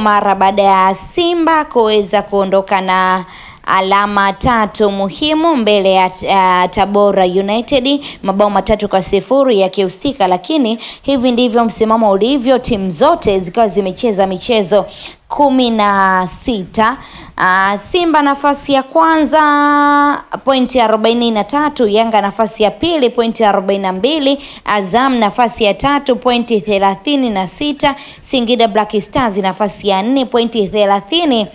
mara baada ya Simba kuweza kuondoka na alama tatu muhimu mbele ya uh, Tabora United mabao matatu kwa sifuri yakihusika, lakini hivi ndivyo msimamo ulivyo, timu zote zikiwa zimecheza michezo kumi na sita. Uh, Simba nafasi ya kwanza pointi arobaini na tatu, Yanga nafasi ya pili pointi arobaini na mbili, Azam nafasi ya tatu pointi thelathini na sita, Singida Black Stars nafasi ya nne pointi thelathini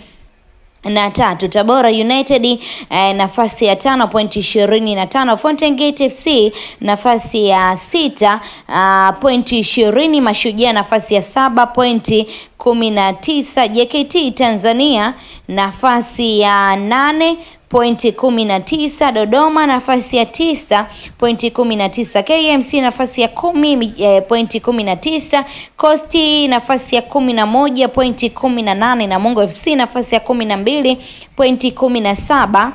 na tatu Tabora United eh, nafasi ya tano pointi ishirini na tano Fountain Gate FC nafasi ya sita uh, ah, pointi ishirini Mashujaa nafasi ya saba pointi kumi na tisa JKT Tanzania nafasi ya nane pointi kumi na tisa Dodoma nafasi ya tisa pointi kumi na tisa KMC nafasi ya kumi eh, pointi kumi na tisa Kosti nafasi ya kumi na moja pointi kumi na nane na mungo FC nafasi ya kumi na mbili pointi kumi na saba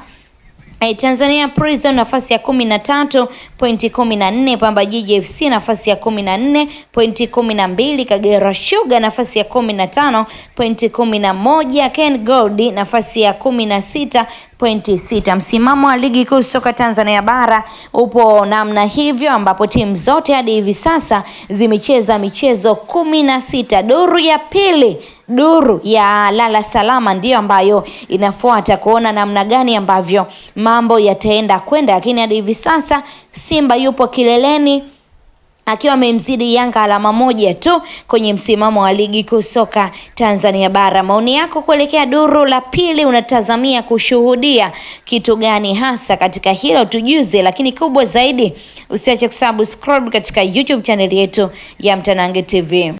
Eh, Tanzania Prison nafasi ya kumi na tatu pointi kumi na nne Pamba Jiji FC nafasi ya kumi na nne pointi kumi na mbili Kagera Sugar nafasi ya kumi na tano pointi kumi na moja Ken Gold nafasi ya kumi na sita pointi sita. Msimamo wa ligi kuu soka Tanzania bara upo namna hivyo, ambapo timu zote hadi hivi sasa zimecheza michezo kumi na sita duru ya pili duru ya lala salama ndiyo ambayo inafuata kuona namna gani ambavyo mambo yataenda kwenda, lakini hadi hivi sasa Simba yupo kileleni akiwa amemzidi Yanga alama moja tu kwenye msimamo wa ligi kuu soka Tanzania bara. Maoni yako kuelekea duru la pili, unatazamia kushuhudia kitu gani hasa katika hilo? Tujuze, lakini kubwa zaidi usiache kusubscribe katika YouTube chaneli yetu ya Mtanange TV.